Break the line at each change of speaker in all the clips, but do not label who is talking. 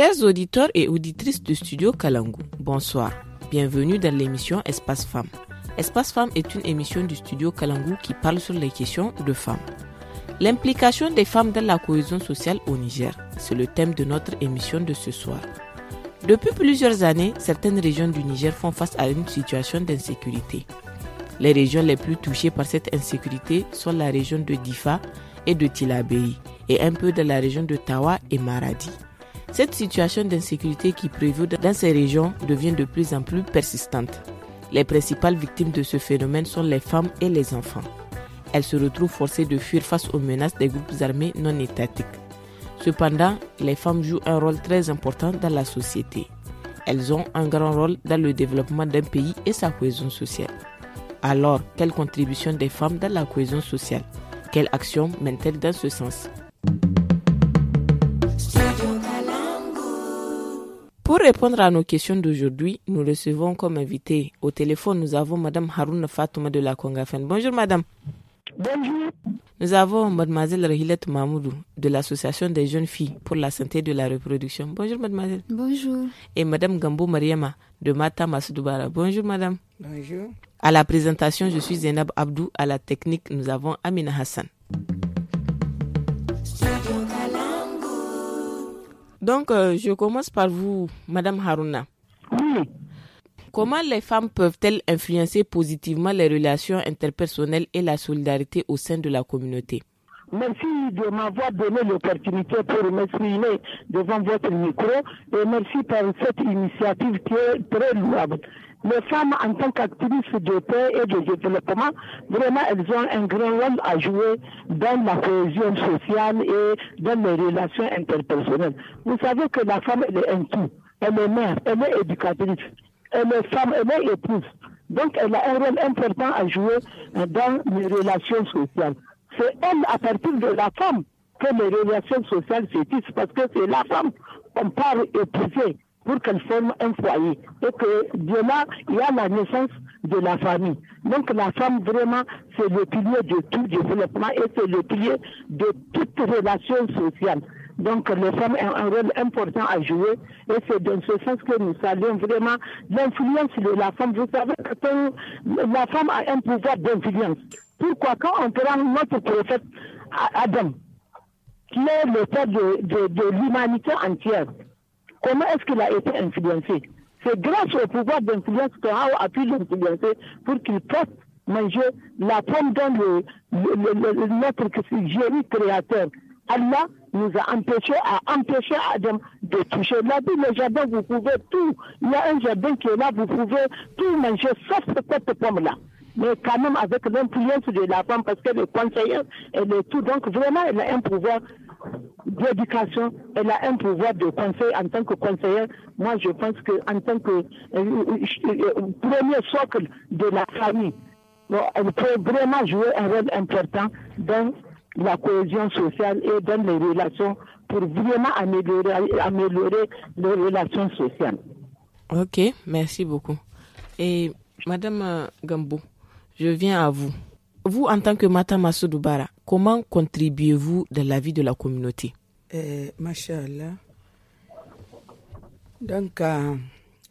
Chers auditeurs et auditrices du studio Kalangu, bonsoir. Bienvenue dans l'émission Espace Femmes. Espace Femmes est une émission du studio Kalangu qui parle sur les questions de femmes. L'implication des femmes dans la cohésion sociale au Niger, c'est le thème de notre émission de ce soir. Depuis plusieurs années, certaines régions du Niger font face à une situation d'insécurité. Les régions les plus touchées par cette insécurité sont la région de Difa et de Tilabéi, et un peu de la région de Tawa et Maradi. Cette situation d'insécurité qui prévaut dans ces régions devient de plus en plus persistante. Les principales victimes de ce phénomène sont les femmes et les enfants. Elles se retrouvent forcées de fuir face aux menaces des groupes armés non étatiques. Cependant, les femmes jouent un rôle très important dans la société. Elles ont un grand rôle dans le développement d'un pays et sa cohésion sociale. Alors, quelle contribution des femmes dans la cohésion sociale Quelle action mènent-elles dans ce sens Pour répondre à nos questions d'aujourd'hui, nous recevons comme invité au téléphone, nous avons Madame Haroun Fatouma de la Congafen. Bonjour Madame. Bonjour. Nous avons Mademoiselle Rahilette Mahmoudou de l'Association des jeunes filles pour la santé de la reproduction. Bonjour Mademoiselle. Bonjour. Et Madame Gambo Mariama de Mata Bonjour Madame. Bonjour. À la présentation, je suis Zainab Abdou. À la technique, nous avons Amina Hassan. Donc, euh, je commence par vous, Madame Haruna. Oui. Comment les femmes peuvent-elles influencer positivement les relations interpersonnelles et la solidarité au sein de la communauté
Merci de m'avoir donné l'opportunité pour m'exprimer devant votre micro et merci pour cette initiative qui est très louable les femmes en tant qu'activistes de paix et de développement, vraiment, elles ont un grand rôle à jouer dans la cohésion sociale et dans les relations interpersonnelles. Vous savez que la femme, elle est un tout. Elle est mère, elle est éducatrice, elle est femme, elle est épouse. Donc, elle a un rôle important à jouer dans les relations sociales. C'est elle, à partir de la femme, que les relations sociales se parce que c'est la femme qu'on parle épouser pour qu'elle forme un foyer. Et que de là, il y a la naissance de la famille. Donc la femme, vraiment, c'est le pilier de tout développement et c'est le pilier de toute relation sociale. Donc la femme a un rôle important à jouer et c'est dans ce sens que nous saluons vraiment l'influence de la femme. Vous savez que la femme a un pouvoir d'influence. Pourquoi quand on prend notre prophète Adam, qui est le père de, de l'humanité entière, Comment est-ce qu'il a été influencé C'est grâce au pouvoir d'influence que Hao a pu l'influencer pour qu'il puisse manger la pomme dans le, le, le, le notre génie créateur. Allah nous a empêché à empêcher Adam de toucher. La le jardin, vous pouvez tout. Il y a un jardin qui est là, vous pouvez tout manger, sauf cette pomme-là. Mais quand même avec l'influence de la pomme, parce que le conseiller, elle est tout. Donc vraiment, elle a un pouvoir d'éducation, elle a un pouvoir de conseil en tant que conseillère. Moi, je pense que en tant que euh, euh, euh, premier socle de la famille, elle peut vraiment jouer un rôle important dans la cohésion sociale et dans les relations pour vraiment améliorer, améliorer les relations sociales.
Ok, merci beaucoup. Et Madame Gambo, je viens à vous. Vous, en tant que Mata Doubara Comment contribuez-vous dans la vie de la communauté
eh, Donc, euh,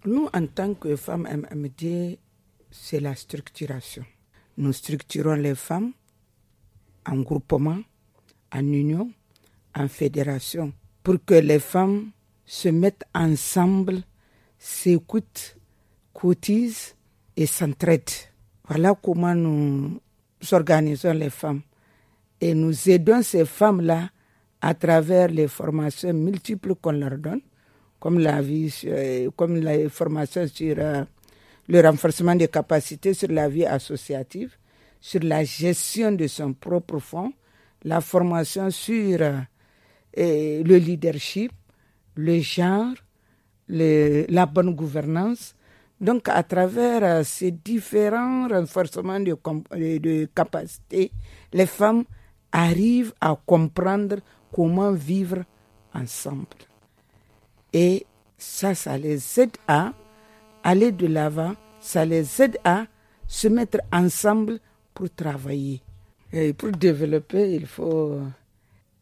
nous, en tant que femmes MMD, c'est la structuration. Nous structurons les femmes en groupement, en union, en fédération, pour que les femmes se mettent ensemble, s'écoutent, cotisent et s'entraident. Voilà comment nous organisons les femmes et nous aidons ces femmes-là à travers les formations multiples qu'on leur donne, comme la, vie, euh, comme la formation sur euh, le renforcement des capacités sur la vie associative, sur la gestion de son propre fonds, la formation sur euh, le leadership, le genre, la bonne gouvernance. Donc, à travers ces différents renforcements de, de capacités, les femmes arrivent à comprendre comment vivre ensemble. Et ça, ça les aide à aller de l'avant, ça les aide à se mettre ensemble pour travailler. Et pour développer, il faut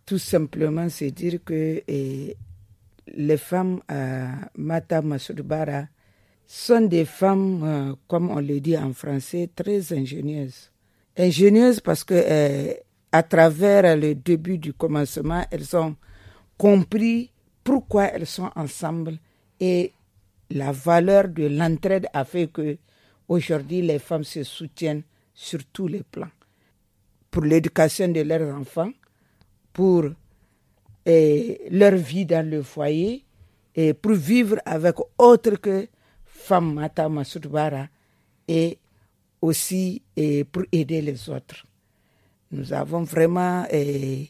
tout simplement se dire que les femmes euh, Mata Masudbara sont des femmes, euh, comme on le dit en français, très ingénieuses. Ingénieuses parce que euh, à travers le début du commencement, elles ont compris pourquoi elles sont ensemble et la valeur de l'entraide a fait que aujourd'hui les femmes se soutiennent sur tous les plans. Pour l'éducation de leurs enfants, pour eh, leur vie dans le foyer et pour vivre avec autre que femme Mata et aussi eh, pour aider les autres. Nous avons vraiment eh,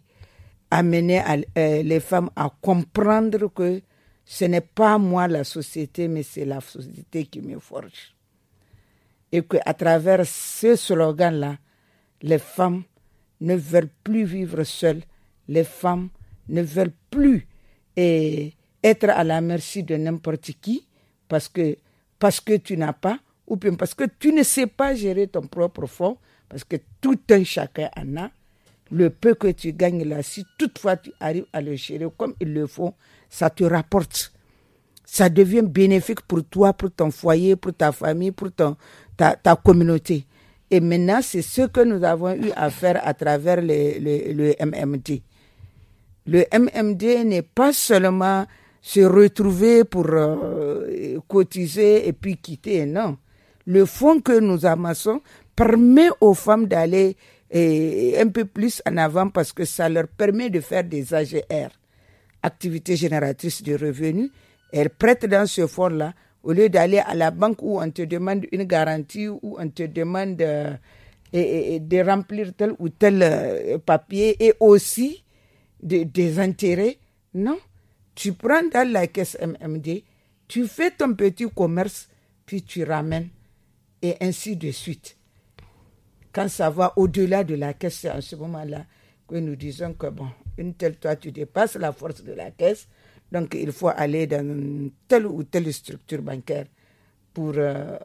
amené eh, les femmes à comprendre que ce n'est pas moi la société, mais c'est la société qui me forge. Et qu'à travers ce slogan-là, les femmes ne veulent plus vivre seules, les femmes ne veulent plus eh, être à la merci de n'importe qui parce que, parce que tu n'as pas, ou bien parce que tu ne sais pas gérer ton propre fonds, parce que tout un chacun en a. Le peu que tu gagnes là, si toutefois tu arrives à le gérer comme ils le font. ça te rapporte. Ça devient bénéfique pour toi, pour ton foyer, pour ta famille, pour ta, communauté. Et maintenant, c'est ce que nous avons eu à faire à travers le, MMD. Le MMD n'est pas seulement se retrouver pour euh, cotiser et puis quitter, non. Le fonds que nous amassons permet aux femmes d'aller eh, un peu plus en avant parce que ça leur permet de faire des AGR, activités génératrices de revenus. Elles prêtent dans ce fonds-là au lieu d'aller à la banque où on te demande une garantie, où on te demande eh, eh, de remplir tel ou tel euh, papier et aussi des intérêts. Non, tu prends dans la caisse MMD, tu fais ton petit commerce, puis tu ramènes et ainsi de suite quand ça va au-delà de la caisse, c'est à ce moment-là que nous disons que, bon, une telle toi, tu dépasses la force de la caisse, donc il faut aller dans telle ou telle structure bancaire pour euh,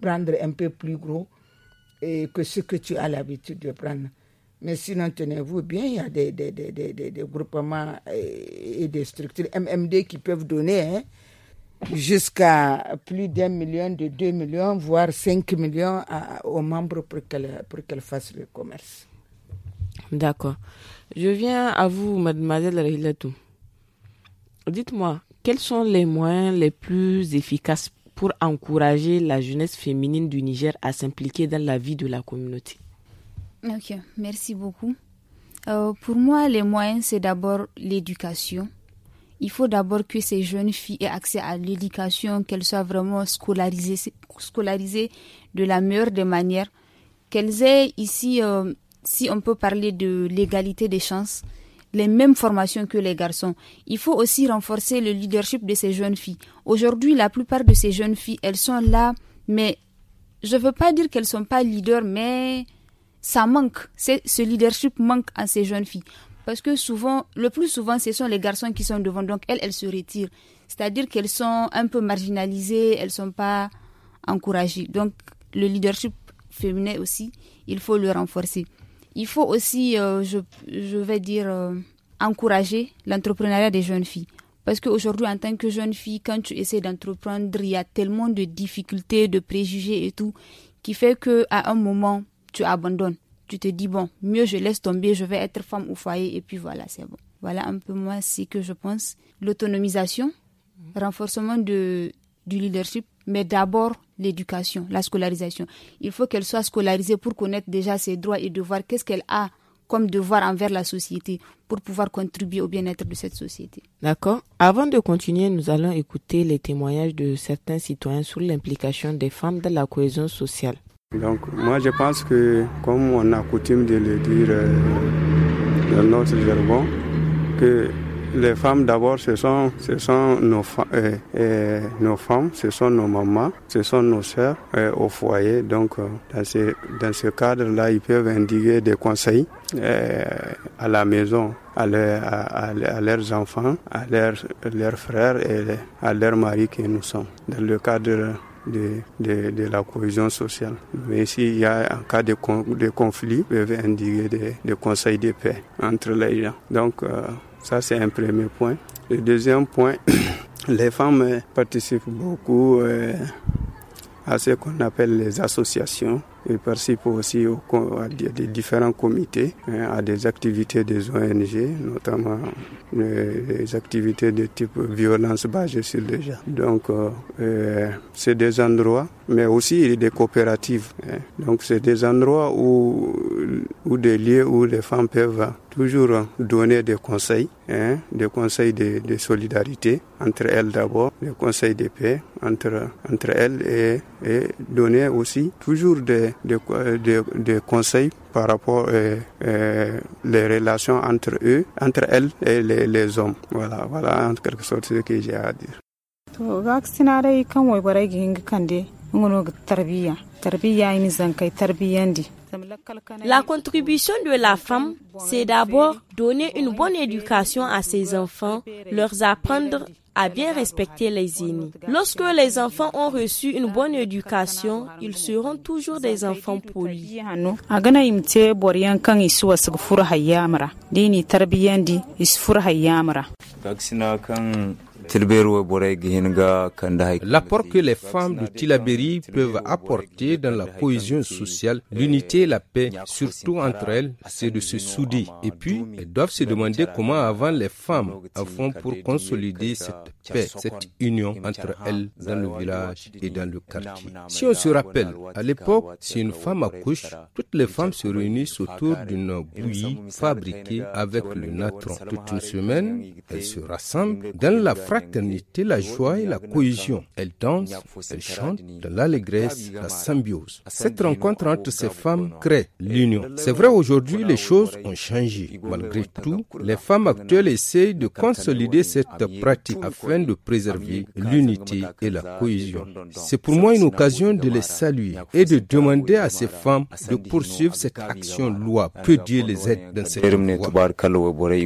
prendre un peu plus gros et que ce que tu as l'habitude de prendre. Mais sinon, tenez-vous bien, il y a des, des, groupements et, des structures MMD qui peuvent donner. Hein, jusqu'à plus d'un million, de deux millions, voire cinq millions à, aux membres pour qu'elles fassent le commerce.
D'accord. Je viens à vous, mademoiselle Rahilatou. Dites-moi, quels sont les moyens les plus efficaces pour encourager la jeunesse féminine du Niger à s'impliquer dans la vie de la communauté
Ok, merci beaucoup. Euh, pour moi, les moyens, c'est d'abord l'éducation il faut d'abord que ces jeunes filles aient accès à l'éducation, qu'elles soient vraiment scolarisées, de la meilleure des manières, qu'elles aient ici, euh, si on peut parler de l'égalité des chances, les mêmes formations que les garçons. Il faut aussi renforcer le leadership de ces jeunes filles. Aujourd'hui, la plupart de ces jeunes filles, elles sont là, mais je ne veux pas dire qu'elles ne sont pas leaders, mais ça manque. Ce leadership manque à ces jeunes filles. Parce que souvent, le plus souvent, ce sont les garçons qui sont devant. Donc, elles, elles se retirent. C'est-à-dire qu'elles sont un peu marginalisées, elles ne sont pas encouragées. Donc, le leadership féminin aussi, il faut le renforcer. Il faut aussi, euh, je, vais dire, euh, encourager l'entrepreneuriat des jeunes filles. Parce qu'aujourd'hui, en tant que jeune fille, quand tu essaies d'entreprendre, il y a tellement de difficultés, de préjugés et tout, qui fait qu'à un moment, tu abandonnes tu te dis, bon, mieux je laisse tomber, je vais être femme au foyer, et puis voilà, c'est bon. Voilà un peu moi ce que je pense. L'autonomisation, renforcement de, du leadership, mais d'abord l'éducation, la scolarisation. Il faut qu'elle soit scolarisée pour connaître déjà ses droits et devoirs, qu'est-ce qu'elle a comme devoir envers la société pour pouvoir contribuer au bien-être de cette société.
D'accord. Avant de continuer, nous allons écouter les témoignages de certains citoyens sur l'implication des femmes dans la cohésion sociale.
Donc moi je pense que comme on a coutume de le dire euh, dans notre jargon, que les femmes d'abord ce sont, ce sont nos, euh, euh, nos femmes, ce sont nos mamans, ce sont nos soeurs au foyer. Donc dans ce, cadre-là, ils peuvent indiquer des conseils à la maison, à, à, leurs enfants, à leurs, leurs frères et à leurs maris que nous sommes. Dans le cadre de, de, la cohésion sociale. Mais s'il y a un cas de, conflit, de conflit, peuvent indiquer des, des, conseils de paix entre les gens. Donc, euh, ça, c'est un premier point. Le deuxième point, les femmes euh, participent beaucoup euh, à ce qu'on appelle les associations il participe aussi à différents comités, hein, à des activités des ONG, notamment les euh, activités de type violence basée sur le genre. Donc, euh, euh, c'est des endroits mais aussi des coopératives. Hein. Donc c'est des endroits où, où des lieux où les femmes peuvent toujours donner des conseils, hein, des conseils de, solidarité entre elles d'abord, des conseils de paix entre, entre elles et, donner aussi toujours des, conseils par rapport aux euh, euh, les relations entre eux, entre elles et les, hommes. Voilà, voilà en quelque sorte ce que j'ai à dire.
La contribution de la femme, c'est d'abord donner une bonne éducation à ses enfants, leur apprendre à bien respecter les aînés. Lorsque les enfants ont reçu une bonne éducation, ils seront toujours des
enfants polis.
L'apport que les femmes de Tilaberi peuvent apporter dans la cohésion sociale, l'unité et la paix, surtout entre elles, c'est de se souder. Et puis, elles doivent se demander comment avant les femmes font pour consolider cette paix, cette union entre elles dans le village et dans le quartier. Si on se rappelle, à l'époque, si une femme accouche, toutes les femmes se réunissent autour d'une bouillie fabriquée avec le natron. Toute une semaine, elles se rassemblent dans la fraternité, la joie et la cohésion. Elles dansent, elles chantent, de l'allégresse, la symbiose. Cette rencontre entre ces femmes crée l'union. C'est vrai, aujourd'hui, les choses ont changé. Malgré tout, les femmes actuelles essayent de consolider cette pratique afin de préserver l'unité et la cohésion. C'est pour moi une occasion de les saluer et de demander à ces femmes de poursuivre cette action loi. Que Dieu les aide dans cette voie.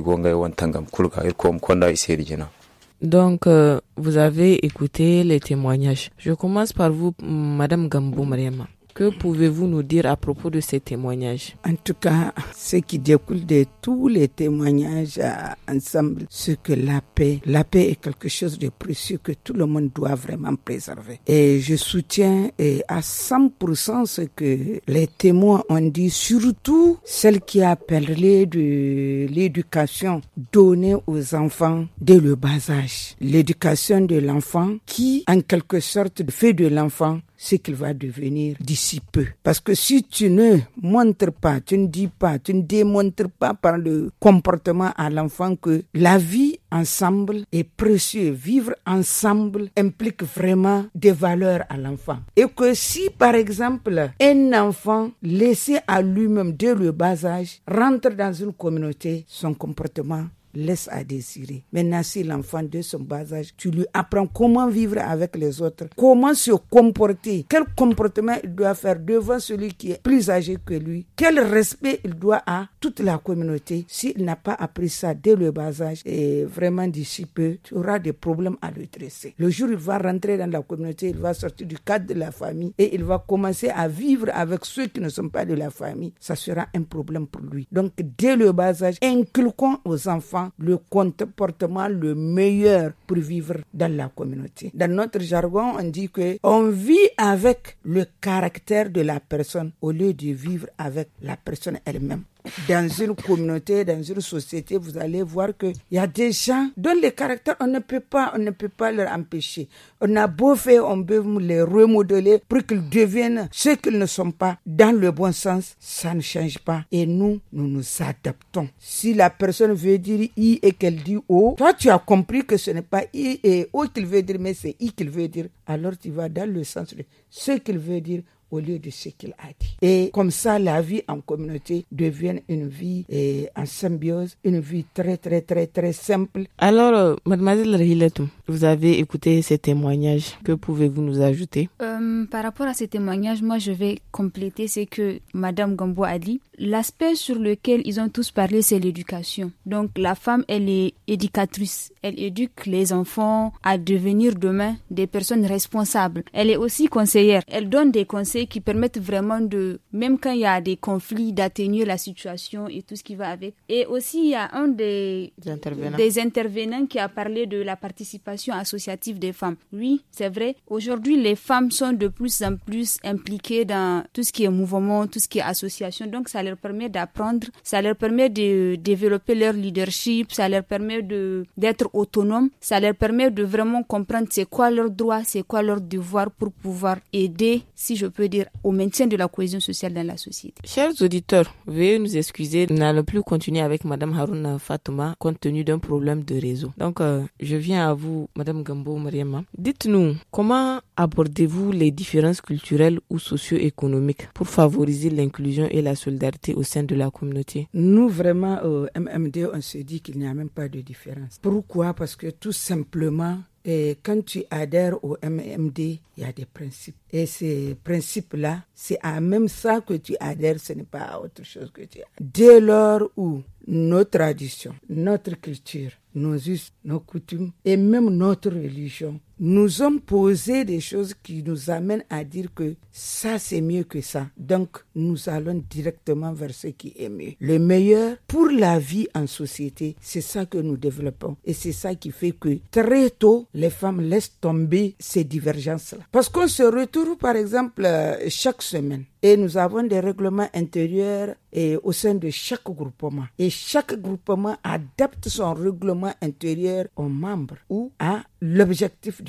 Donc, euh, vous avez écouté les témoignages. Je commence par vous, Madame Gambou Mariama. Que pouvez-vous
nous dire à propos de ces témoignages En tout cas, ce qui découle de tous les témoignages euh, ensemble, c'est que la paix, la paix est quelque chose de précieux que tout le monde doit vraiment préserver. Et je soutiens à 100% ce que les témoins ont dit, surtout celle qui a parlé de l'éducation donnée aux enfants dès le bas âge. L'éducation de l'enfant qui, en quelque sorte, fait de l'enfant ce qu'il va devenir d'ici peu. Parce que si tu ne montres pas, tu ne dis pas, tu ne démontres pas par le comportement à l'enfant que la vie ensemble est précieuse, vivre ensemble implique vraiment des valeurs à l'enfant. Et que si par exemple un enfant laissé à lui-même dès le bas âge rentre dans une communauté, son comportement laisse à désirer. Maintenant, si l'enfant de son bas âge, tu lui apprends comment vivre avec les autres, comment se comporter, quel comportement il doit faire devant celui qui est plus âgé que lui, quel respect il doit à toute la communauté. S'il n'a pas appris ça dès le bas âge, et vraiment d'ici peu, tu auras des problèmes à lui dresser. Le jour où il va rentrer dans la communauté, il va sortir du cadre de la famille et il va commencer à vivre avec ceux qui ne sont pas de la famille. Ça sera un problème pour lui. Donc, dès le bas âge, inculquons aux enfants le comportement le meilleur pour vivre dans la communauté. Dans notre jargon, on dit que on vit avec le caractère de la personne au lieu de vivre avec la personne elle-même dans une communauté, dans une société, vous allez voir qu'il y a des gens dont les caractères, on ne peut pas, on ne peut pas leur empêcher. On a beau faire, on peut les remodeler pour qu'ils deviennent ce qu'ils ne sont pas. Dans le bon sens, ça ne change pas. Et nous, nous nous adaptons. Si la personne veut dire I et qu'elle dit O, toi tu as compris que ce n'est pas I et O qu'il veut dire, mais c'est I qu'il veut dire. Alors tu vas dans le sens de ce qu'il veut dire au lieu de ce qu'il a dit. Et comme ça, la vie en communauté devient une vie eh, en symbiose, une vie très, très, très, très simple.
Alors, euh, mademoiselle Rilet, vous avez écouté ces témoignages. Que pouvez-vous nous ajouter
euh, Par rapport à ces témoignages, moi, je vais compléter ce que madame Gambo a dit. L'aspect sur lequel ils ont tous parlé, c'est l'éducation. Donc, la femme, elle est éducatrice. Elle éduque les enfants à devenir demain des personnes responsables. Elle est aussi conseillère. Elle donne des conseils qui permettent vraiment de, même quand il y a des conflits, d'atténuer la situation et tout ce qui va avec. Et aussi, il y a un des, intervenants. des intervenants qui a parlé de la participation associative des femmes. Oui, c'est vrai. Aujourd'hui, les femmes sont de plus en plus impliquées dans tout ce qui est mouvement, tout ce qui est association. Donc, ça leur permet d'apprendre, ça leur permet de développer leur leadership, ça leur permet de, d'être autonome, ça leur permet de vraiment comprendre c'est quoi leurs droits, c'est quoi leurs devoirs pour pouvoir aider, si je peux dire au maintien de la cohésion sociale dans la société.
Chers auditeurs, veuillez nous excuser, nous n'allons plus continuer avec Madame Harouna Fatouma compte tenu d'un problème de réseau. Donc, euh, je viens à vous, Madame Gambo Mariama. Dites-nous, comment abordez-vous les différences culturelles ou socio-économiques pour favoriser l'inclusion et la solidarité au sein de la communauté
Nous, vraiment, au MMD, on se dit qu'il n'y a même pas de différence. Pourquoi Parce que tout simplement, et quand tu adhères au MMD, il y a des principes. Et ces principes-là, c'est à même ça que tu adhères, ce n'est pas à autre chose que tu adhères. Dès lors où nos traditions, notre culture, nos us, nos coutumes et même notre religion nous sommes posé des choses qui nous amènent à dire que ça c'est mieux que ça. Donc nous allons directement vers ce qui est mieux. Le meilleur pour la vie en société, c'est ça que nous développons. Et c'est ça qui fait que très tôt, les femmes laissent tomber ces divergences-là. Parce qu'on se retrouve par exemple euh, chaque semaine et nous avons des règlements intérieurs et au sein de chaque groupement. Et chaque groupement adapte son règlement intérieur aux membres ou à l'objectif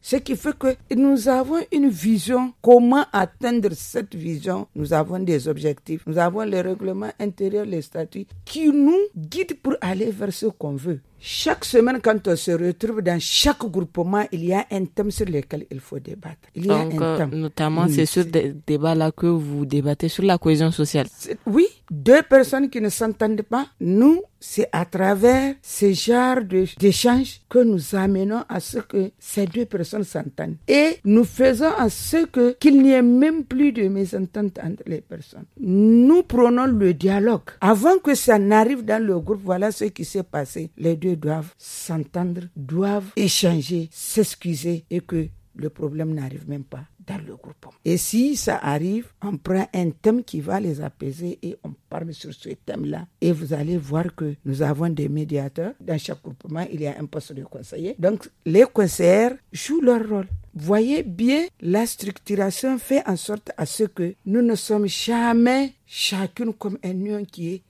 ce qui fait que nous avons une vision. Comment atteindre cette vision Nous avons des objectifs. Nous avons les règlements intérieurs, les statuts qui nous guident pour aller vers ce qu'on veut. Chaque semaine, quand on se retrouve dans chaque groupement, il y a un thème sur lequel il faut débattre. Il y a un thème. Notamment, c'est
sur des débats-là que vous
débattez sur la cohésion sociale. Oui, deux personnes qui ne s'entendent pas, nous, c'est à travers ce genre d'échanges que nous amenons à ce que ces deux personnes s'entendent. Et nous faisons à ce que qu'il n'y ait même plus de mésentente entre les personnes. Nous prenons le dialogue. Avant que ça n'arrive dans le groupe, voilà ce qui s'est passé. Les deux doivent s'entendre, doivent échanger, s'excuser et que le problème n'arrive même pas dans le groupement. Et si ça arrive, on prend un thème qui va les apaiser et on parle sur ce thème-là. Et vous allez voir que nous avons des médiateurs. Dans chaque groupement, il y a un poste de conseiller. Donc, les conseillers jouent leur rôle. Voyez bien, la structuration fait en sorte à ce que nous ne sommes jamais chacune comme un union qui est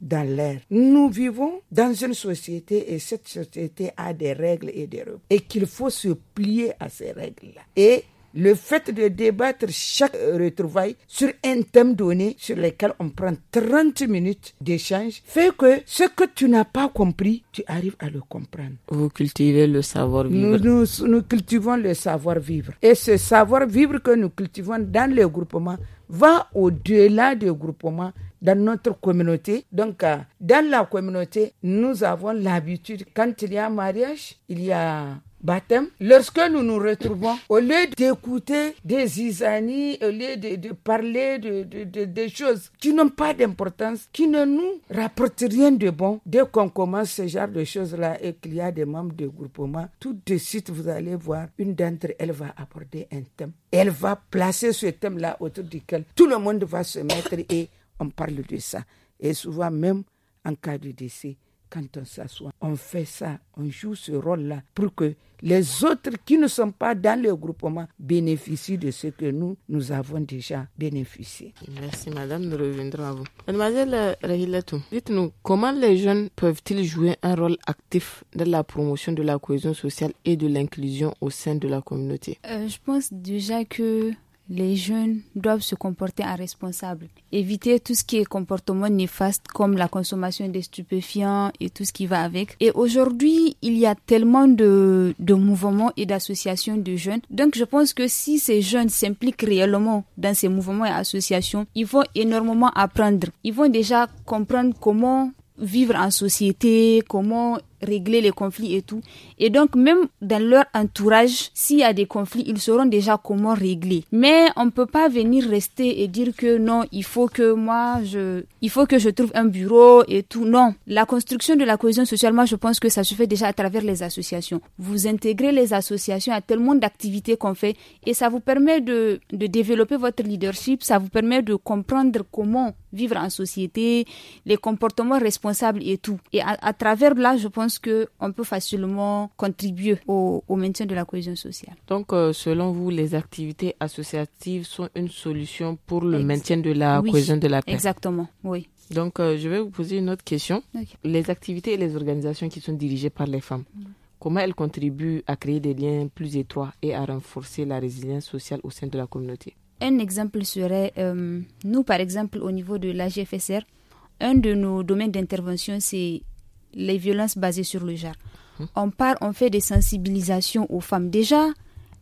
dans l'air. Nous vivons dans une société et cette société a des règles et des règles. Et qu'il faut se plier à ces règles-là. Et le fait de débattre chaque retrouvaille sur un thème donné sur lequel on prend 30 minutes d'échange fait que ce que tu n'as pas compris, tu arrives à le comprendre.
Vous cultivez le savoir-vivre. Nous, nous,
nous, cultivons le savoir-vivre. Et ce savoir-vivre que nous cultivons dans le groupement va au-delà du groupement dans notre communauté. Donc, euh, dans la communauté, nous avons l'habitude, quand il y a mariage, il y a baptême, lorsque nous nous retrouvons, au lieu d'écouter des isanis, au lieu de, parler de, de, choses qui n'ont pas d'importance, qui ne nous rapportent rien de bon, dès qu'on commence ce genre de choses-là et qu'il y a des membres de groupement, tout de suite, vous allez voir, une d'entre elles va apporter un thème. Elle va placer ce thème-là autour duquel tout le monde va se mettre et on parle de ça. Et souvent même en cas de décès, quand on s'assoit, on fait ça, on joue ce rôle-là pour que les autres qui ne sont pas dans le groupement bénéficient de ce que nous, nous avons déjà bénéficié. Merci Madame, nous reviendrons à vous. Mademoiselle euh, Rahilatou,
dites-nous, comment les jeunes peuvent-ils jouer un rôle actif dans la promotion de la cohésion sociale et de l'inclusion au sein de la communauté
euh, Je pense déjà que les jeunes doivent se comporter en responsable. Éviter tout ce qui est comportement néfaste comme la consommation des stupéfiants et tout ce qui va avec. Et aujourd'hui, il y a tellement de, de mouvements et d'associations de jeunes. Donc je pense que si ces jeunes s'impliquent réellement dans ces mouvements et associations, ils vont énormément apprendre. Ils vont déjà comprendre comment vivre en société, comment régler les conflits et tout. Et donc, même dans leur entourage, s'il y a des conflits, ils sauront déjà comment régler. Mais on ne peut pas venir rester et dire que non, il faut que moi, je, il faut que je trouve un bureau et tout. Non. La construction de la cohésion sociale, moi, je pense que ça se fait déjà à travers les associations. Vous intégrez les associations à tellement d'activités qu'on fait et ça vous permet de, de développer votre leadership, ça vous permet de comprendre comment vivre en société, les comportements responsables et tout. Et à travers là, je pense que qu'on peut facilement contribuer au, maintien de la cohésion sociale.
Donc, euh, selon vous, les activités associatives sont une solution pour le maintien de la cohésion de la paix
Exactement, oui.
Donc, euh, je vais vous poser une autre question. Les activités et les organisations qui sont dirigées par les femmes, mm. comment elles contribuent à créer des liens plus étroits et à renforcer la résilience sociale au sein de la communauté
Un exemple serait, euh, nous, par exemple, au niveau de la un de nos domaines d'intervention, c'est les violences basées sur le genre. Hum. On part, on fait des sensibilisations aux femmes. Déjà,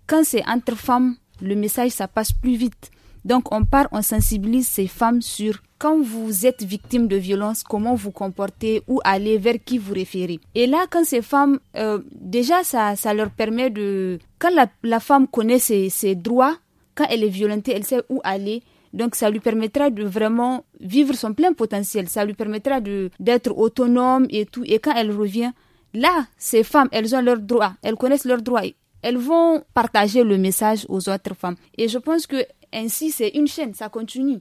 quand c'est entre femmes, le message, ça passe plus vite. Donc, on part, on sensibilise ces femmes sur quand vous êtes victime de violence, comment vous comportez, où aller, vers qui vous référez. Et là, quand ces femmes, euh, déjà, ça, ça leur permet de... Quand la, femme connaît ses, ses droits, quand elle est violentée, elle sait où aller, donc ça lui permettra de vraiment vivre son plein potentiel, ça lui permettra d'être autonome et tout. Et quand elle revient, là, ces femmes, elles ont leurs droits, elles connaissent leurs droits, elles vont partager le message aux autres femmes. Et je pense que ainsi, c'est une chaîne, ça continue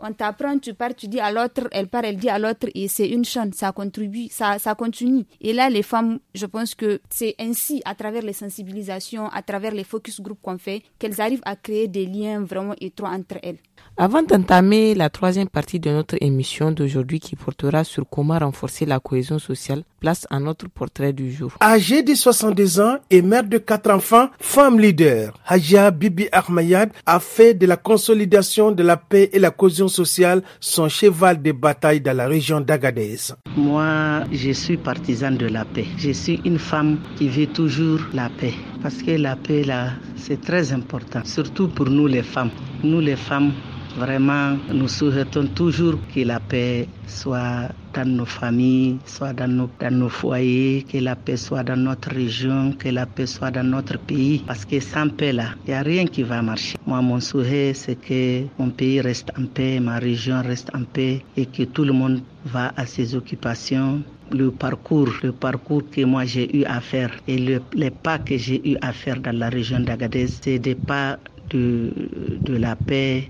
on t'apprend, tu pars, tu dis à l'autre, elle part, elle dit à l'autre, et c'est une chaîne, ça contribue, ça, continue. Et là, les femmes, je pense que c'est ainsi, à travers les sensibilisations, à travers les focus groups qu'on fait, qu'elles arrivent à créer des liens vraiment étroits entre elles.
Avant d'entamer la troisième partie de notre émission d'aujourd'hui qui portera sur comment renforcer la cohésion sociale, place à notre portrait du jour.
Âgée de 72 ans et mère de quatre enfants, femme leader, Hajia Bibi Ahmayad a fait de la consolidation de la paix et la cohésion social son cheval de bataille dans la région d'Agadez. Moi, je suis partisane de la paix. Je suis une femme qui veut toujours la paix. Parce que la
paix, là, c'est très important, surtout pour nous les femmes. Nous les femmes, vraiment, nous souhaitons toujours que la paix soit dans nos familles, soit dans nos, dans nos foyers, que la paix soit dans notre région, que la paix soit dans notre pays. Parce que sans paix là, il n'y a rien qui va marcher. Moi, mon souhait, c'est que mon pays reste en paix, ma région reste en paix et que tout le monde va à ses occupations le parcours, le parcours que moi j'ai eu à faire et les pas que j'ai eu à faire dans la région d'Agadez, c'est des pas de, de la paix,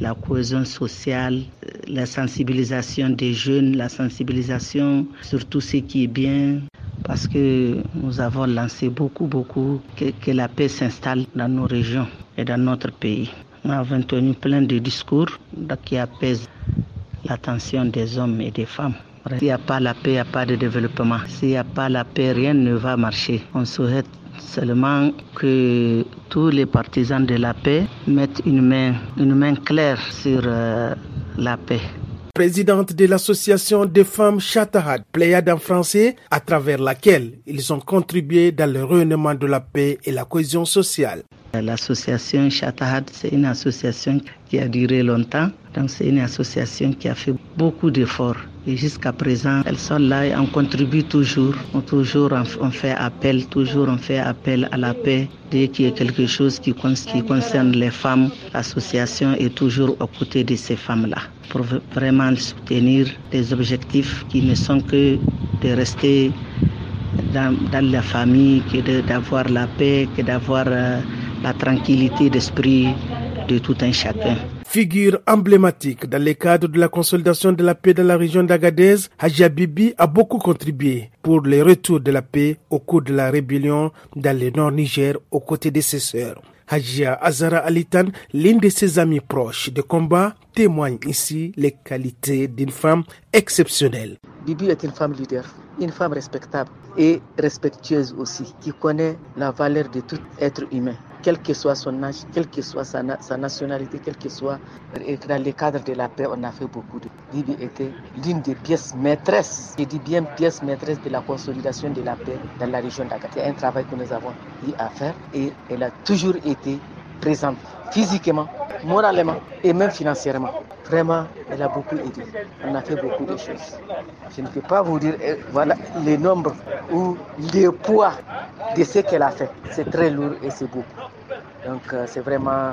la cohésion sociale, euh, la sensibilisation des jeunes, la sensibilisation sur tout ce qui est bien, parce que nous avons lancé beaucoup, beaucoup que, la paix s'installe dans nos régions et dans notre pays. Nous avons tenu plein de discours qui apaisent l'attention des hommes et des femmes. S'il n'y a pas la paix, il n'y a pas de développement. S'il n'y a pas la paix, rien ne va marcher. On souhaite seulement que tous les partisans de la paix mettent une main, une main claire sur euh,
la paix présidente de l'association des femmes Chatahad, Pléiade en français, à travers laquelle ils ont contribué dans le rayonnement de la paix et la cohésion sociale.
L'association Chatahad, c'est une association qui a duré longtemps. Donc c'est une association qui a fait beaucoup d'efforts. Et jusqu'à présent, elles sont là et on contribue toujours. On, toujours on, fait appel, toujours on fait appel à la paix. Dès qu'il y a quelque chose qui, concerne les femmes, l'association est toujours aux côtés de ces femmes-là pour vraiment soutenir des objectifs qui ne sont que de rester dans, la famille, que d'avoir la paix, que d'avoir euh, la tranquillité d'esprit de tout un chacun.
Figure emblématique dans le cadre de la consolidation de la paix dans la région d'Agadez, Hajia Bibi a beaucoup contribué pour le retour de la paix au cours de la rébellion dans le nord Niger aux côtés de ses sœurs. Hajia Azara Alitan, l'une de ses amies proches de combat, témoigne ici les qualités d'une femme exceptionnelle. Bibi est une femme leader,
une femme respectable, et respectueuse aussi, qui connaît la valeur de tout être
humain, quel que soit son âge, quelle que soit sa, nationalité, quel que soit. Et dans le cadre de la paix, on a fait beaucoup de. Libye était l'une des pièces maîtresses, je dis bien pièce
maîtresse de la consolidation de la paix dans la région d'Agathe. C'est un travail que nous avons eu à faire et elle a toujours été présente physiquement, moralement et même financièrement. Vraiment, elle a beaucoup aidé. On a fait beaucoup de choses. Je ne peux pas vous dire, euh, voilà, les nombres ou le poids de ce qu'elle a fait. C'est très lourd et c'est beaucoup. Donc, euh, c'est vraiment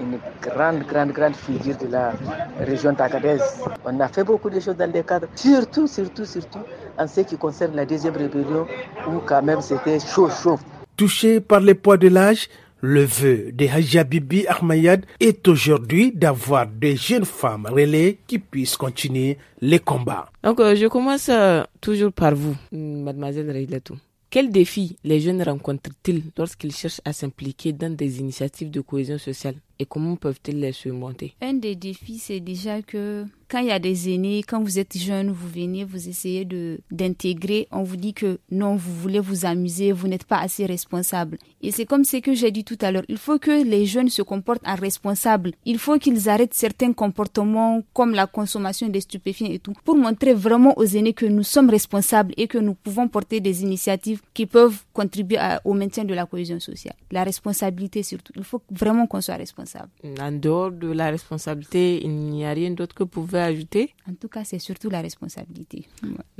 une grande, grande, grande figure de la région d'Agadez. On a fait beaucoup de choses dans le cadre, surtout, surtout, surtout en ce qui concerne la deuxième rébellion, où quand même c'était chaud, chaud.
Touché par les poids de l'âge, le vœu de Hajabibi Ahmayad est aujourd'hui d'avoir des jeunes femmes relais qui puissent continuer les combats.
Donc, euh, je commence euh, toujours par vous, mademoiselle Reilatou. Quels défis les jeunes rencontrent-ils lorsqu'ils cherchent à s'impliquer dans des initiatives de cohésion sociale et comment peuvent-ils les surmonter
Un des défis, c'est déjà que quand il y a des aînés, quand vous êtes jeune, vous venez, vous essayez de d'intégrer, on vous dit que non, vous voulez vous amuser, vous n'êtes pas assez responsable. Et c'est comme ce que j'ai dit tout à l'heure, il faut que les jeunes se comportent en responsable. Il faut qu'ils arrêtent certains comportements comme la consommation des stupéfiants et tout pour montrer vraiment aux aînés que nous sommes responsables et que nous pouvons porter des initiatives qui peuvent contribuer au maintien de la cohésion sociale. La responsabilité surtout, il faut vraiment qu'on soit responsable.
Mm, en dehors de la responsabilité, il n'y a
rien d'autre que vous pouvez ajouter En tout cas, c'est surtout la responsabilité.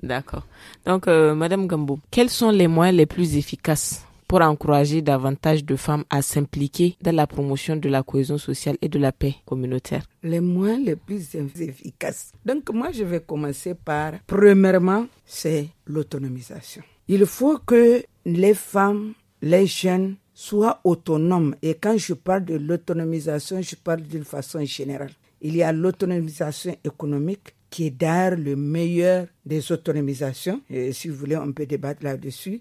D'accord. Donc, Mme euh, Madame Gambo, quels sont les moyens les plus efficaces pour encourager davantage de femmes à s'impliquer dans la promotion de la cohésion sociale et de la paix communautaire
Les moyens les plus efficaces. Donc moi, je vais commencer par, premièrement, c'est l'autonomisation. Il faut que les femmes, les jeunes soit autonome. Et quand je parle de l'autonomisation, je parle d'une façon générale. Il y a l'autonomisation économique qui est d'ailleurs le meilleur des autonomisations. Et si vous voulez, on peut débattre là-dessus.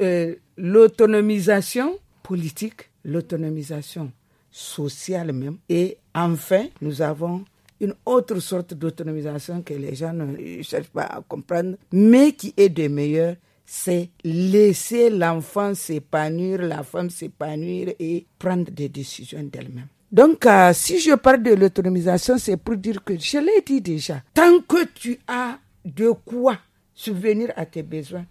Euh, l'autonomisation politique, l'autonomisation sociale même. Et enfin, nous avons une autre sorte d'autonomisation que les gens ne cherchent pas à comprendre, mais qui est de meilleurs c'est laisser l'enfant s'épanouir, la femme s'épanouir et prendre des décisions d'elle-même. Donc, euh, si je parle de l'autonomisation, c'est pour dire que, je l'ai dit déjà, tant que tu as de quoi subvenir à tes besoins,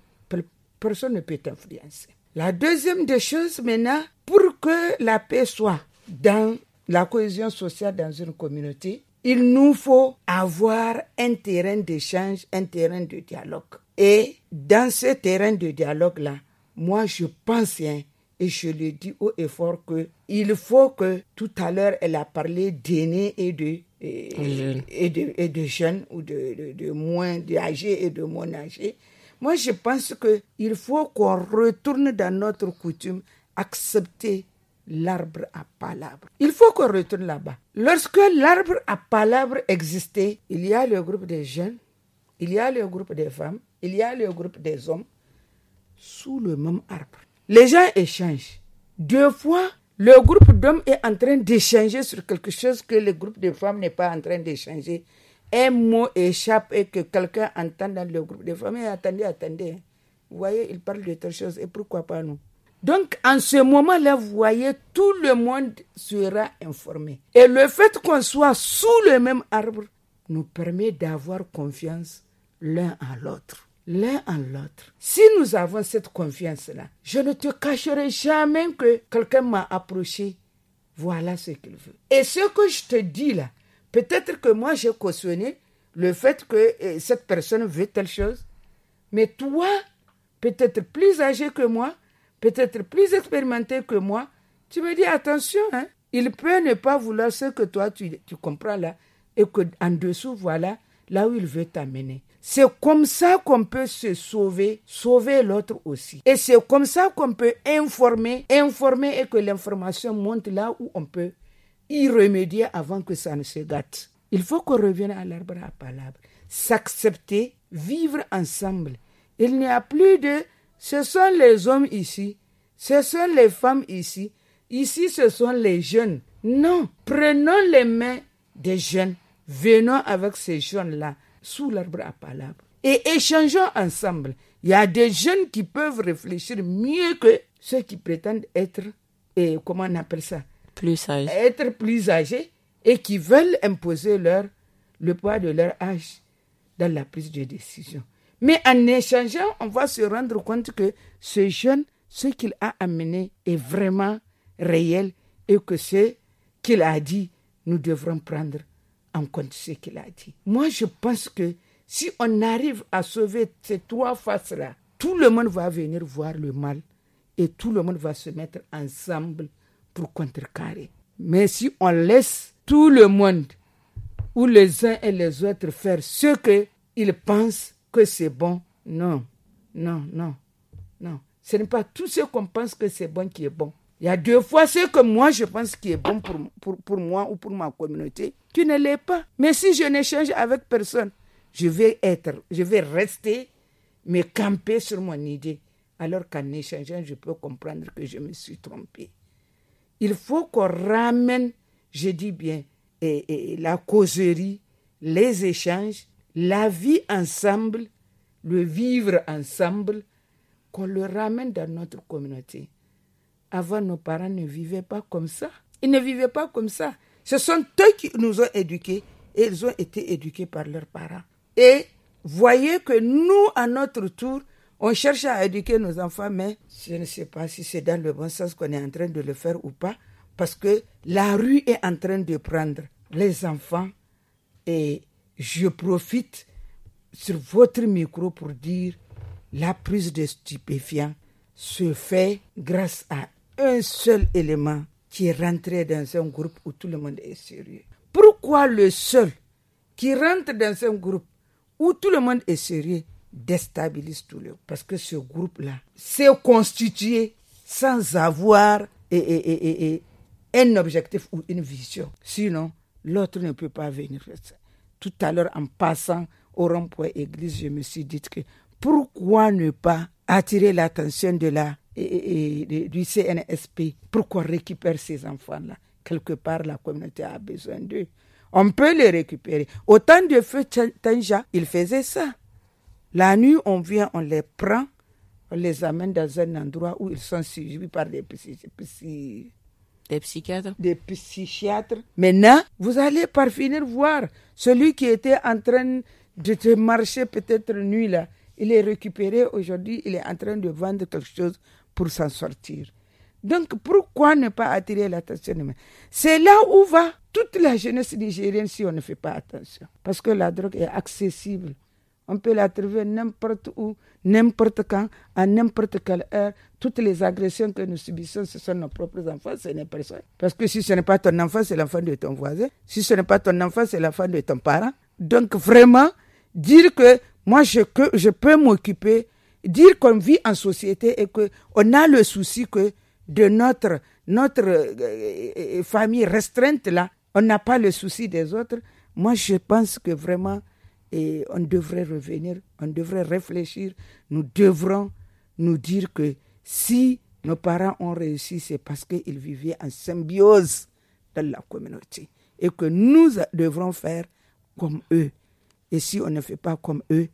personne ne peut t'influencer. La deuxième des choses maintenant, pour que la paix soit dans la cohésion sociale dans une communauté, il nous faut avoir un terrain d'échange, un terrain de dialogue. Et dans ce terrain de dialogue-là, moi, je pense hein, et je le dis haut et fort que il faut que tout à l'heure, elle a parlé d'aînés et de et, de, et jeunes ou de, de, de moins âgés et de moins âgés. Moi, je pense qu'il faut qu'on retourne dans notre coutume, accepter l'arbre à palabres. Il faut qu'on retourne là-bas. Lorsque l'arbre à palabres existait, il y a le groupe des jeunes, il y a le groupe des femmes, il y a le groupe des hommes sous le même arbre. Les gens échangent. Deux fois, le groupe d'hommes est en train d'échanger sur quelque chose que le groupe de femmes n'est pas en train d'échanger. Un mot échappe et que quelqu'un entend dans le groupe de femmes. Et attendez, attendez. Hein. Vous voyez, il parle de telle chose et pourquoi pas nous donc, en ce moment-là, vous voyez, tout le monde sera informé. Et le fait qu'on soit sous le même arbre nous permet d'avoir confiance l'un à l'autre l'un en l'autre. Si nous avons cette confiance-là, je ne te cacherai jamais que quelqu'un m'a approché. Voilà ce qu'il veut. Et ce que je te dis là, peut-être que moi j'ai cautionné le fait que eh, cette personne veut telle chose, mais toi, peut-être plus âgé que moi, peut-être plus expérimenté que moi, tu me dis attention, hein, il peut ne pas vouloir ce que toi tu, tu comprends là, et que en dessous, voilà là où il veut t'amener. C'est comme ça qu'on peut se sauver, sauver l'autre aussi. Et c'est comme ça qu'on peut informer, informer et que l'information monte là où on peut y remédier avant que ça ne se gâte. Il faut qu'on revienne à l'arbre à palabre, s'accepter, vivre ensemble. Il n'y a plus de ce sont les hommes ici, ce sont les femmes ici, ici ce sont les jeunes. Non, prenons les mains des jeunes, venons avec ces jeunes-là sous l'arbre à palabres et échangeons ensemble. Il y a des jeunes qui peuvent réfléchir mieux que ceux qui prétendent être, et comment on appelle ça Plus âgés. Être plus âgés et qui veulent imposer leur, le poids de leur âge dans la prise de décision. Mais en échangeant, on va se rendre compte que ce jeune, ce qu'il a amené est vraiment réel et que ce qu'il a dit, nous devrons prendre en compte ce qu'il a dit. Moi, je pense que si on arrive à sauver ces trois faces-là, tout le monde va venir voir le mal et tout le monde va se mettre ensemble pour contrecarrer. Mais si on laisse tout le monde ou les uns et les autres faire ce qu'ils pensent que c'est bon, non, non, non, non. Ce n'est pas tout ce qu'on pense que c'est bon qui est bon. Il y a deux fois ce que moi je pense qui est bon pour, pour, pour moi ou pour ma communauté. Tu ne l'es pas. Mais si je n'échange avec personne, je vais être, je vais rester, mais camper sur mon idée. Alors qu'en échangeant, je peux comprendre que je me suis trompé. Il faut qu'on ramène, je dis bien, et, la causerie, les échanges, la vie ensemble, le vivre ensemble, qu'on le ramène dans notre communauté. Avant, nos parents ne vivaient pas comme ça. Ils ne vivaient pas comme ça. Ce sont eux qui nous ont éduqués et ils ont été éduqués par leurs parents. Et voyez que nous, à notre tour, on cherche à éduquer nos enfants, mais je ne sais pas si c'est dans le bon sens qu'on est en train de le faire ou pas, parce que la rue est en train de prendre les enfants. Et je profite sur votre micro pour dire la prise de stupéfiants se fait grâce à un seul élément qui est dans un groupe où tout le monde est sérieux. Pourquoi le seul qui rentre dans un groupe où tout le monde est sérieux déstabilise tout le monde Parce que ce groupe-là s'est constitué sans avoir et, un objectif ou une vision. Sinon, l'autre ne peut pas venir. Tout à l'heure, en passant au rond-point église, je me suis dit que pourquoi ne pas attirer l'attention de la et, du CNSP Pourquoi récupère ces enfants-là. Quelque part, la communauté a besoin d'eux. On peut les récupérer. Autant de feu Tanja, ils faisaient ça. La nuit, on vient, on les prend, on les amène dans un endroit où ils sont suivis par des des psychiatres. Des psychiatres. Maintenant, vous allez parvenir voir celui qui était en train de marcher peut-être nuit là. Il est récupéré aujourd'hui, il est en train de vendre quelque chose pour s'en sortir. Donc pourquoi ne pas attirer l'attention C'est là où va toute la jeunesse nigérienne si on ne fait pas attention. Parce que la drogue est accessible. On peut la trouver n'importe où, n'importe quand, à n'importe quelle heure. Toutes les agressions que nous subissons, ce sont nos propres enfants, ce n'est personne. Parce que si ce n'est pas ton enfant, c'est l'enfant de ton voisin. Si ce n'est pas ton enfant, c'est l'enfant de ton parent. Donc vraiment, dire que moi, je, que, je peux m'occuper dire qu'on vit en société et on a le souci que de notre, notre euh, euh, euh, famille restreinte là, on n'a pas le souci des autres. Moi, je pense que vraiment, et on devrait revenir, on devrait réfléchir. Nous devrons nous dire que si nos parents ont réussi, c'est parce qu'ils vivaient en symbiose dans la communauté et que nous devrons faire comme eux. Et si on ne fait pas comme eux,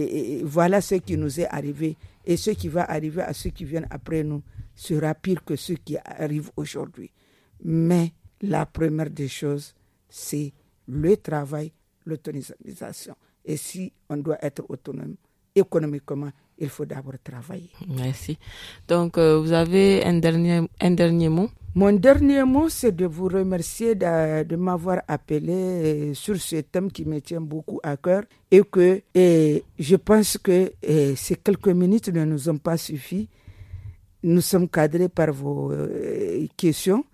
et, voilà ce qui nous est arrivé. Et ce qui va arriver à ceux qui viennent après nous sera pire que ce qui arrive aujourd'hui. Mais la première des choses, c'est le travail, l'autonomisation. Et si on doit être autonome économiquement, il faut d'abord travailler.
Merci. Donc, euh, vous avez un dernier, un dernier mot
Mon dernier mot, c'est de vous remercier de, m'avoir appelé euh, sur ce thème qui me tient beaucoup à cœur et que et je pense que ces quelques minutes ne nous ont pas suffi. Nous sommes cadrés par vos euh, questions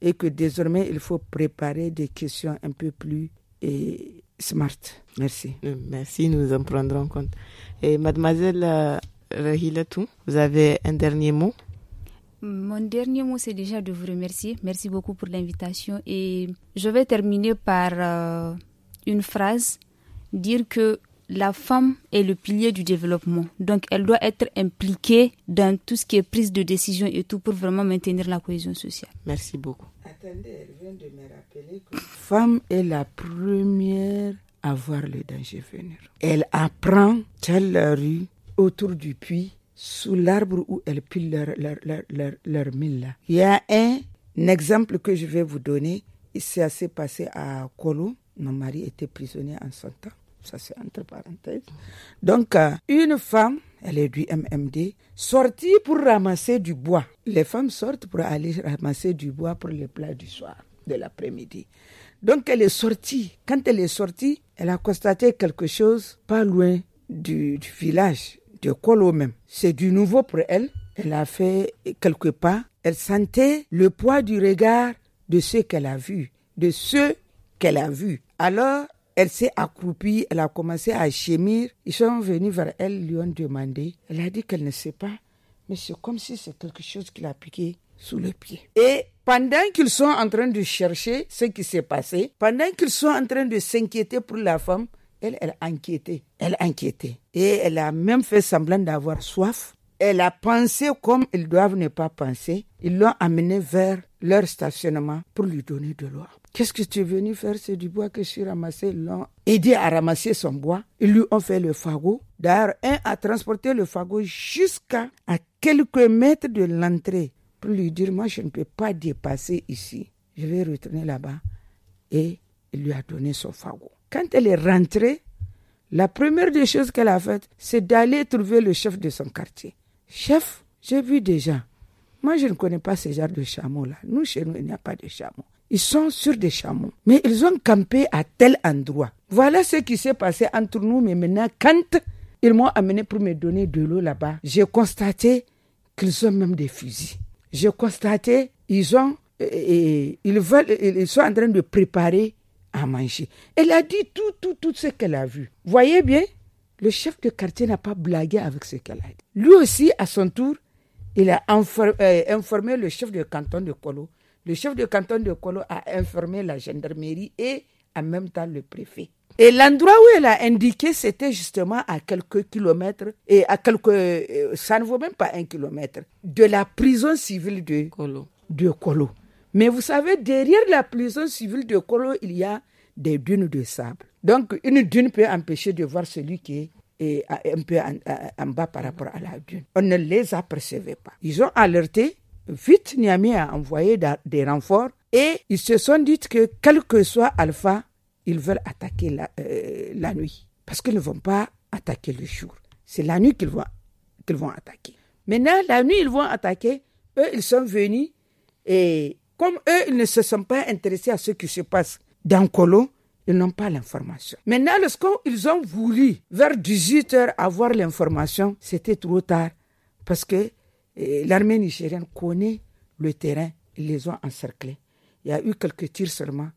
et que désormais, il faut préparer des questions un peu plus... Et, smart. Merci. Merci, nous en prendrons compte. Et mademoiselle euh,
Rahilatou, vous avez un dernier mot
mon dernier mot, c'est déjà de vous remercier. Merci beaucoup pour l'invitation. Et je vais terminer par euh, une phrase, dire que la femme est le pilier du développement. Donc, elle doit être impliquée dans tout ce qui est prise de décision et tout pour vraiment maintenir la cohésion sociale. Merci beaucoup.
Attendez, elle vient de me rappeler que la
femme est la première
à voir le danger venir. Elle apprend telle la rue, autour du puits, sous l'arbre où elle pile leur, leur, mille là. Il y a un, exemple que je vais vous donner. C'est assez passé à Kolo. Mon mari était prisonnier en son temps. Ça, c'est entre parenthèses. Donc, euh, une femme, elle est du MMD, sortie pour ramasser du bois. Les femmes sortent pour aller ramasser du bois pour les plats du soir, de l'après-midi. Donc, elle est sortie. Quand elle est sortie, elle a constaté quelque chose pas loin du, village, de Kolo même. C'est du nouveau pour elle. Elle a fait quelques pas. Elle sentait le poids du regard de ce qu'elle a vu, de ce qu'elle a vu. Alors, elle s'est accroupie, elle a commencé à gémir. Ils sont venus vers elle, lui ont demandé. Elle a dit qu'elle ne sait pas, mais c'est comme si c'était quelque chose qui l'a piqué sous le pied. Et pendant qu'ils sont en train de chercher ce qui s'est passé, pendant qu'ils sont en train de s'inquiéter pour la femme, elle, elle inquiétait. Elle inquiétait. Et elle a même fait semblant d'avoir soif. Elle a pensé comme ils doivent ne pas penser. Ils l'ont amenée vers leur stationnement pour lui donner de l'eau. Qu'est-ce que tu es venu faire C'est du bois que je suis ramassé. Ils l'ont aidé à ramasser son bois. Ils lui ont fait le fagot. D'ailleurs, un a transporté le fagot jusqu'à quelques mètres de l'entrée pour lui dire Moi, je ne peux pas dépasser ici. Je vais retourner là-bas. Et il lui a donné son fagot. Quand elle est rentrée, la première des choses qu'elle a faites, c'est d'aller trouver le chef de son quartier. Chef, j'ai vu déjà. Moi, je ne connais pas ce genre de chameau-là. Nous, chez nous, il n'y a pas de chameau. Ils sont sur des chameaux. Mais ils ont campé à tel endroit. Voilà ce qui s'est passé entre nous. Mais maintenant, quand ils m'ont amené pour me donner de l'eau là-bas, j'ai constaté qu'ils ont même des fusils. J'ai constaté, ils ont, ils veulent, ils sont en train de préparer à manger. Elle a dit tout, tout, tout ce qu'elle a vu. Voyez bien, le chef de quartier n'a pas blagué avec ce qu'elle a dit. Lui aussi, à son tour, il a informé, euh, informé le chef de canton de Colo le chef de canton de Kolo a informé la gendarmerie et en même temps le préfet. Et l'endroit où elle a indiqué, c'était justement à quelques kilomètres, et à quelques, euh, ça ne vaut même pas un kilomètre, de la prison civile de Kolo. Mais vous savez, derrière la prison civile de Kolo, il y a des dunes de sable. Donc, une dune peut empêcher de voir celui qui est un peu en, en bas par rapport à la dune. On ne les apercevait pas. Ils ont alerté vite Niamey a envoyé des renforts et ils se sont dit que quel que soit Alpha, ils veulent attaquer euh, la, nuit parce qu'ils ne vont pas attaquer le jour. C'est la nuit qu'ils vont, qu'ils vont attaquer. Maintenant, la nuit, ils vont attaquer. Eux, ils sont venus et comme eux, ils ne se sont pas intéressés à ce qui se passe dans Colo, ils n'ont pas l'information. Maintenant, lorsqu'ils ont voulu, vers 18h, avoir l'information, c'était trop tard parce que l'armée nigérienne connaît le terrain, ils les ont encerclés. Il y a eu quelques tirs seulement,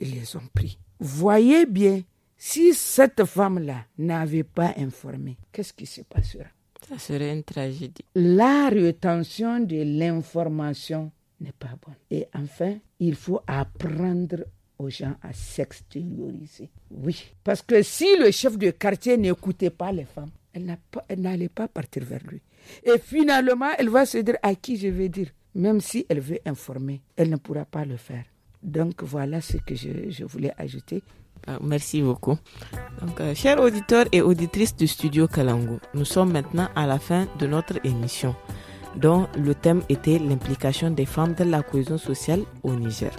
ils les ont pris. Voyez bien, si cette femme-là n'avait pas informé, qu'est-ce qui se passera
Ça serait une tragédie.
La rétention de l'information n'est pas bonne. Et enfin, il faut apprendre aux gens à s'extérioriser. Oui, parce que si le chef de quartier n'écoutait pas les femmes, elle n'allait pas partir vers lui. Et finalement, elle va se dire à qui je vais dire. Même si elle veut informer, elle ne pourra pas le faire. Donc voilà ce que je, voulais ajouter. Ah,
merci beaucoup. Donc, euh, chers auditeurs et auditrices du studio Kalango, nous sommes maintenant à la fin de notre émission, dont le thème était l'implication des femmes dans la cohésion sociale au Niger.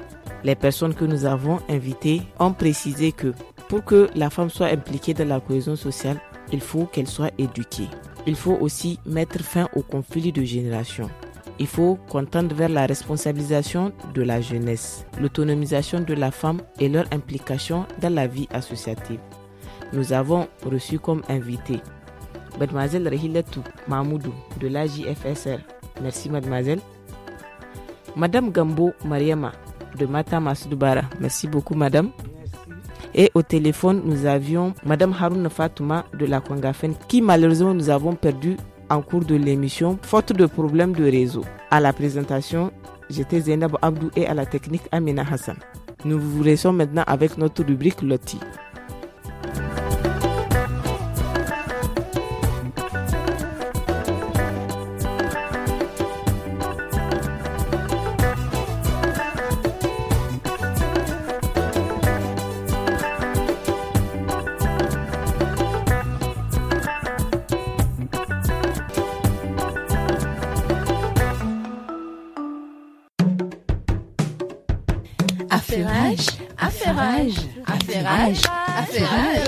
Les personnes que nous avons invitées ont précisé que pour que la femme soit impliquée dans la cohésion sociale, il faut qu'elle soit éduquée. Il faut aussi mettre fin au conflit de génération. Il faut qu'on tende vers la responsabilisation de la jeunesse, l'autonomisation de la femme et leur implication dans la vie associative. Nous avons reçu comme invité Mademoiselle Rehilatou Mahmoudou de JFSR. Merci mademoiselle. Madame Gambo Mariama de Mata Masudubara. Merci beaucoup madame. Et au téléphone, nous avions Madame Haroun Fatouma de la Kwangafen, qui malheureusement nous avons perdu en cours de l'émission, faute de problèmes de réseau. À la présentation, j'étais Zainab Abdou et à la technique Amina Hassan. Nous vous laissons maintenant avec notre rubrique Loti.
c'est vrai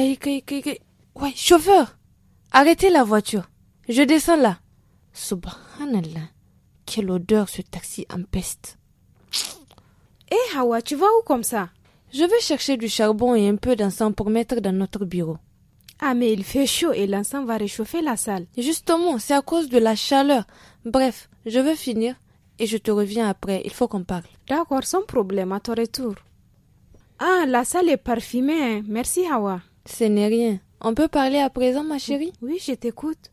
Ouais, chauffeur Arrêtez la voiture. Je descends là. Subhanallah. Quelle odeur ce taxi empeste. Hé eh, Hawa, tu vas où comme ça Je vais chercher du charbon et un peu d'encens pour mettre dans notre bureau. Ah mais il fait chaud et l'encens va réchauffer la salle. Justement, c'est à cause de la chaleur. Bref, je veux finir et je te reviens après. Il faut qu'on parle. D'accord, sans problème, à ton retour. Ah, la salle est parfumée. Merci Hawa. Ce n'est rien. On peut parler à présent, ma chérie Oui, je t'écoute.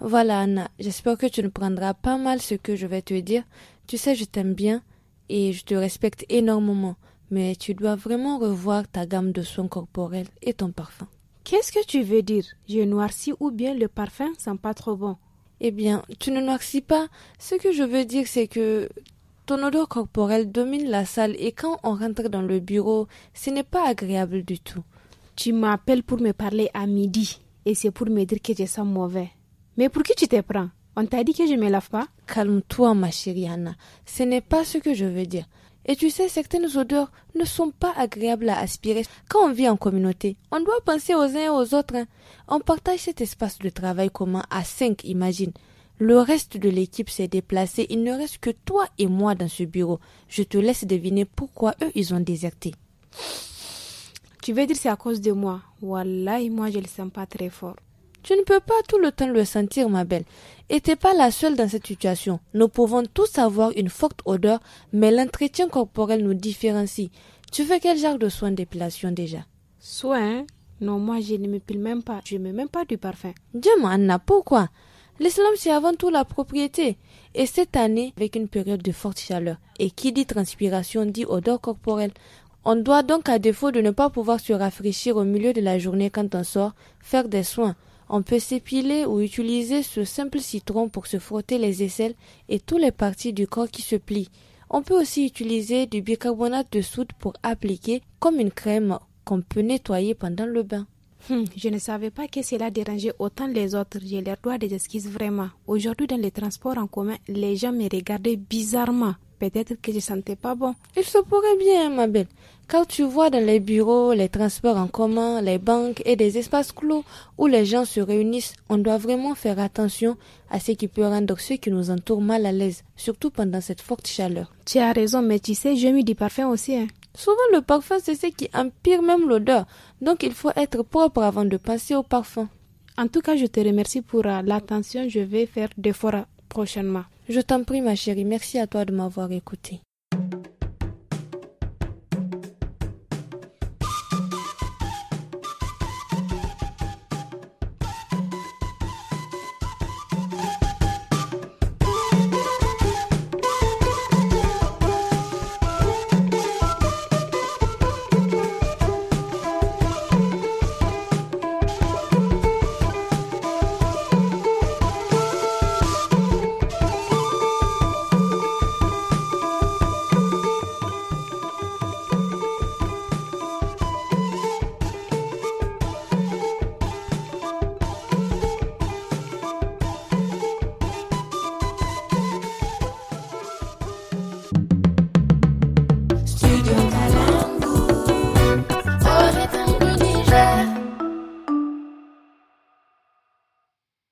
Voilà, Anna, j'espère que tu ne prendras pas mal ce que je vais te dire. Tu sais, je t'aime bien et je te respecte énormément, mais tu dois vraiment revoir ta gamme de soins corporels et ton parfum. Qu'est-ce que tu veux dire Je noircis ou bien le parfum sent pas trop bon Eh bien, tu ne noircis pas. Ce que je veux dire, c'est que ton odeur corporelle domine la salle et quand on rentre dans le bureau, ce n'est pas agréable du tout tu m'appelles pour me parler à midi et c'est pour me dire que je sens mauvais. Mais pour qui tu te prends On t'a dit que je ne me lave pas Calme-toi, ma chérie Anna. Ce n'est pas ce que je veux dire. Et tu sais, certaines odeurs ne sont pas agréables à aspirer. Quand on vit en communauté, on doit penser aux uns et aux autres. Hein. On partage cet espace de travail commun à cinq, imagine. Le reste de l'équipe s'est déplacé. Il ne reste que toi et moi dans ce bureau. Je te laisse deviner pourquoi eux, ils ont déserté tu veux dire c'est à cause de moi. et moi je le sens pas très fort. Tu ne peux pas tout le temps le sentir, ma belle. Et n'es pas la seule dans cette situation. Nous pouvons tous avoir une forte odeur, mais l'entretien corporel nous différencie. Tu fais quel genre de soins d'épilation déjà Soins Non, moi je ne m'épile même pas. Je ne mets même pas du parfum. Dieu m'en a pourquoi L'islam, c'est avant tout la propriété. Et cette année, avec une période de forte chaleur, et qui dit transpiration dit odeur corporelle, on doit donc, à défaut de ne pas pouvoir se rafraîchir au milieu de la journée quand on sort, faire des soins. On peut s'épiler ou utiliser ce simple citron pour se frotter les aisselles et toutes les parties du corps qui se plient. On peut aussi utiliser du bicarbonate de soude pour appliquer comme une crème qu'on peut nettoyer pendant le bain. Hmm, je ne savais pas que cela dérangeait autant les autres. J'ai leur dois des esquisses vraiment. Aujourd'hui, dans les transports en commun, les gens me regardaient bizarrement peut-être que je sentais pas bon. Il se pourrait bien, ma belle. Quand tu vois dans les bureaux, les transports en commun, les banques et des espaces clos où les gens se réunissent, on doit vraiment faire attention à ce qui peut rendre ceux qui nous entourent mal à l'aise, surtout pendant cette forte chaleur. Tu as raison, mais tu sais, j'aime mis du parfum aussi. Hein. Souvent, le parfum, c'est ce qui empire même l'odeur, donc il faut être propre avant de passer au parfum. En tout cas, je te remercie pour euh, l'attention. Je vais faire des fois prochainement. Je t'en prie, ma chérie, merci à toi de m'avoir écouté.